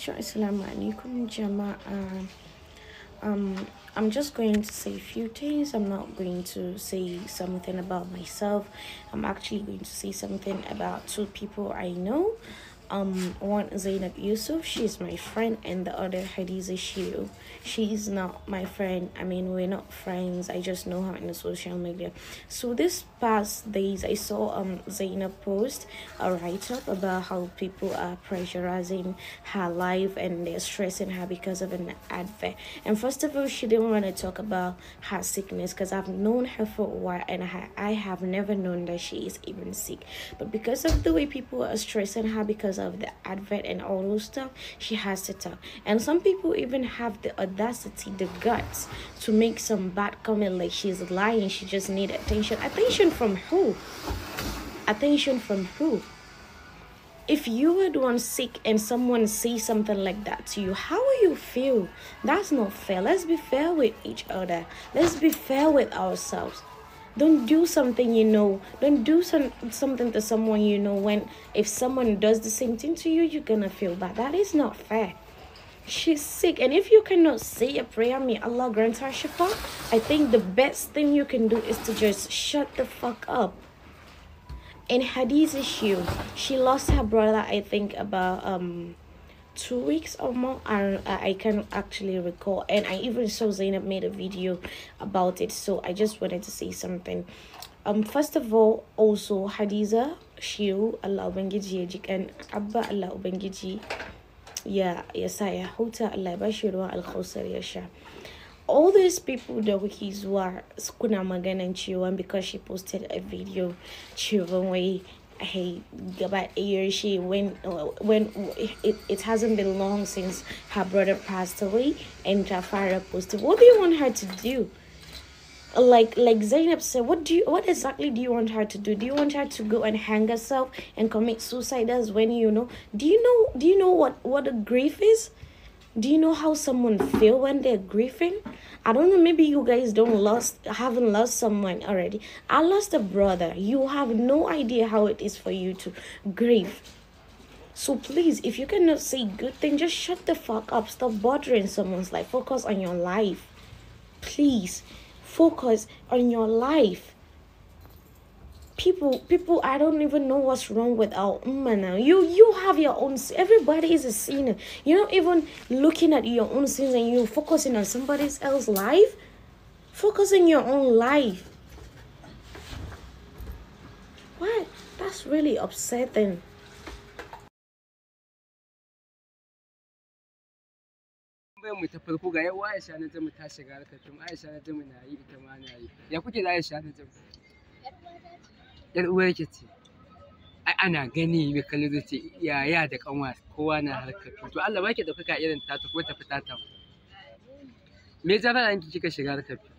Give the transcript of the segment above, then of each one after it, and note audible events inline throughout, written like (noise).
sure assalamu alaikum jama'a um i'm just going to say a few things i'm not going to say something about myself i'm actually going to say something about two people i know um one Zainab Yusuf she's my friend and the other Hadiza Shiu she is not my friend I mean we're not friends I just know her in the social media so this past days I saw um Zainab post a write-up about how people are pressurizing her life and they're stressing her because of an advert and first of all she didn't want to talk about her sickness because I've known her for a while and I have never known that she is even sick but because of the way people are stressing her because of the advert and all those stuff she has to talk. and some people even have the audacity the guts to make some bad comment like she's lying she just need attention attention from who attention from who if you were the one sick and someone say something like that to you how will you feel that's not fair let's be fair with each other let's be fair with ourselves don't do something you know don't do some something to someone you know when if someone does the same thing to you you're gonna feel bad that is not fair she's sick and if you cannot say a prayer may allah grant her shifa i think the best thing you can do is to just shut the fuck up in Hadi's issue she lost her brother i think about um two weeks or more and I can actually recall and i even saw zainab made a video about it so i just wanted to say something um first of all also hadiza shiu allah ubangiji and abba allah ubangiji yeah yes i hota allah bashirwa al khawsar yasha all these people da kuke zuwa kuna maganan cewa because she posted a video cewa way hey about a she when uh, when it, it hasn't been long since her brother passed away and Jafara posted what do you want her to do like like Zainab said what do you what exactly do you want her to do do you want her to go and hang herself and commit suicide as when you know do you know do you know what what a grief is do you know how someone feel when they're grieving i don't know maybe you guys don't lost haven't lost someone already i lost a brother you have no idea how it is for you to grieve so please if you cannot say good thing just shut the fuck up stop bothering someone's life focus on your life please focus on your life people people i don't even know what's wrong with our umma now you you have your own everybody is a sinner you're not even looking at your own sins and you're focusing on somebody else's life focus on your own life what that's really upsetting mu ga Aisha na Aisha na yi ita ma na yi ya kuke da Aisha na yar uwar ki ce ai ana gani bai kalli zai ce yaya da kanwa kowa na harkar to Allah baki ɗaukaka irin tata kuma tafi tata me ya fara yanki kika shiga harkar fim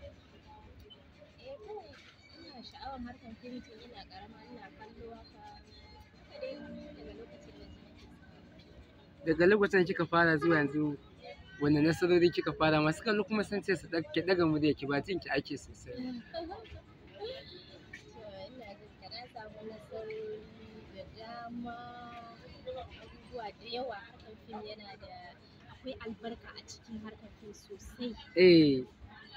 daga lokacin kika fara zuwa yanzu wanda nasarori kika fara masu kallo kuma sun ce su ɗaga daga mu da yake ba jin ki ake sosai (laughs) kuma abubuwa da yawa harkar fim yana da akwai albarka a cikin harkar fim sosai eh.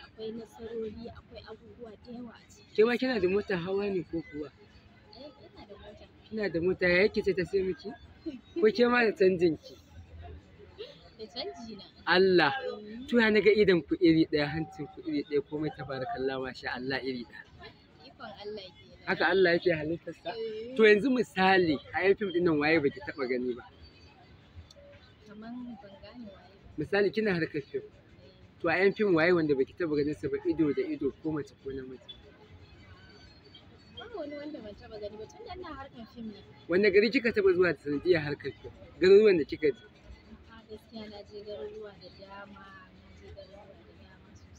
akwai nasarori akwai abubuwa da yawa a ciki ma kina da motar hawa ne ko kuwa eh, kina da mota ya yake ta sai miki ko ke ma da canjin ki da canji na Allah mm. to ya naga idan ku iri daya hancin ku iri daya komai tabarakallah masha Allah iri daya haka Allah yake halittarsa eh. to yanzu misali a yi fim ɗinnan waye baki taɓa gani ba misali kina harkar fim to a yan fim waye wanda baki taɓa ganin sa ba ido da ido ko mace ko namiji wani wanda ban taɓa gani ba tun da ina harkar gari kika taɓa zuwa da sanadiyar harkar fim garuruwan da kika ji? gaskiya na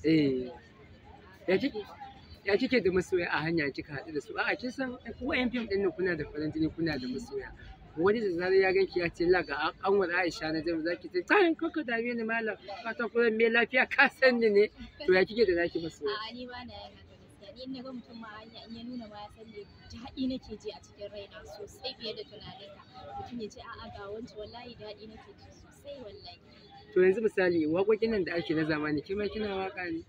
eh ya kike da masoya a hanya kika haɗu da su a'a kin san wayan fim ɗin nan kuna da farin jini kuna da masoya wani da zarar ya ganki ya ce la ga anwar Aisha na jami zaki ce tayin kanka dame ni malam ta kuma me lafiya ka san ni ne to ya kike da zaki masoya a'a ni ba na yana in na ga mutum ma hanya in ya nuna ma ya san ne daɗi nake ji a cikin raina sosai fiye da ka mutum ya ce a'a ga wancan wallahi daɗi nake ji sosai wallahi to yanzu misali waƙoƙin nan da ake na zamani kima kina waƙa ne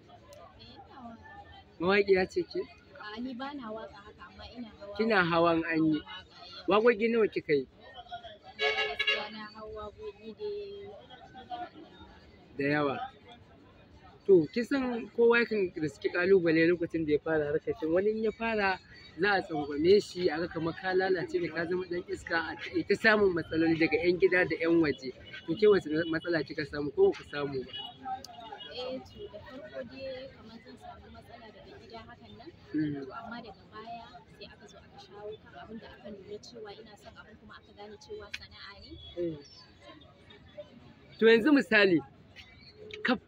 Mawaƙiya ce ke? Kina hawan anyi. Eh. Waƙoƙi nawa kika yi? da yawa. To kisan kowa yakan riski ƙalubale lokacin da ya fara harkar shi wani in ya fara za a tsangwame shi a ga kamar ka lalace ne ka zama ɗan iska a ta samun matsaloli daga 'yan gida da 'yan waje to ke wace matsala kika samu ko ku samu ba. Eh, Mm. amma daga baya sai aka zo aka shawo kan abin da aka nuna cewa ina son abin kuma aka gane cewa sana'a ne mm. to yanzu misali kaf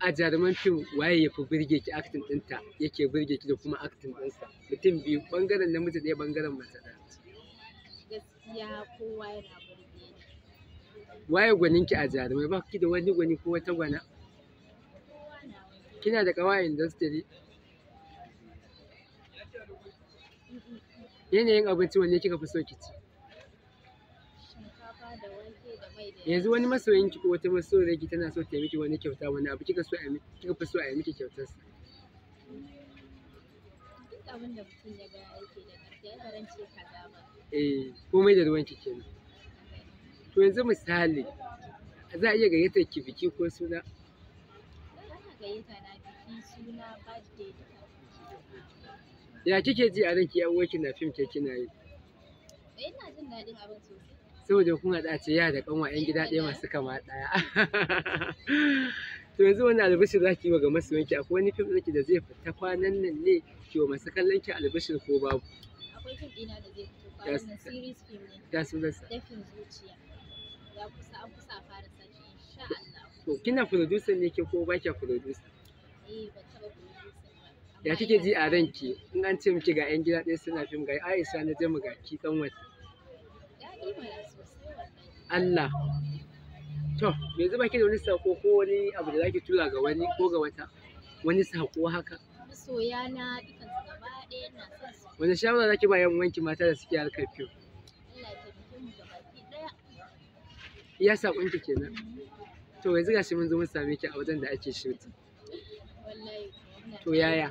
a jaruman fim waye ya fi birge ki aktin ɗinta yake birge ki da kuma aktin ɗinsa mutum biyu ɓangaren namiji ɗaya ɓangaren mace ɗaya gaskiya kowa yana birge waye a jarumai ba ki da wani gwani ko wata gwana kina da kawai industry yanayin abinci wanne kika fi so ki ci yanzu wani masoyin ki ko wata masoyar ki tana so ta yi miki wani kyauta wani abu kika so kika fi so a yi miki kyautar sa eh komai da ruwan ki kenan to yanzu misali za a iya gayyatar ki biki ko suna za a gayyata na biki suna birthday Ya kike ji a ranki yan uwanki na fim ke kina yi? Eh, ina jin dadin abin sosai. Saboda kun haɗa ce ya da kanwa 'yan gida ɗaya masu kama ɗaya. (laughs) to yanzu wani albishir za ki yi wa ga masoyanki akwai wani fim ɗinki da zai fita kwanan nan ne ki wa masu kallon ki albishir ko babu akwai fim ɗina da zai fito kwanan nan series fim ne su sa. dafin zuciya ya kusa an kusa fara sashi insha Allah to kina producer ne ke ko ba ki producer eh ya kike ji a ranki in an ce miki ga 'yan gida ɗaya suna fim ga aisha na mu ga ki kan wata Allah to me zuba ki da wani sako ko wani abu da zaki tura ga wani ko ga wata wani sako haka masoya na dukan gaba ɗaya na son su wani shawara zaki ba yan wanki mata da suke harkar fim Allah ya tabbata mu sakon ki kenan to yanzu gashi mun zo mun same ki a wajen da ake shirti to yaya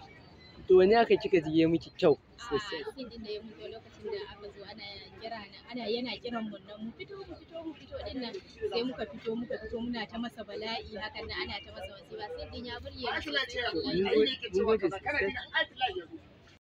to wani aka kika ji ya miki kyau sosai a cikin da ya mutu lokacin da aka zo ana yana kiran mu nan mu fito mu fito mu fito din nan sai muka fito muka fito muna ta masa bala'i hakan nan ana ta masa wasiba sai din ya burge mun gode sosai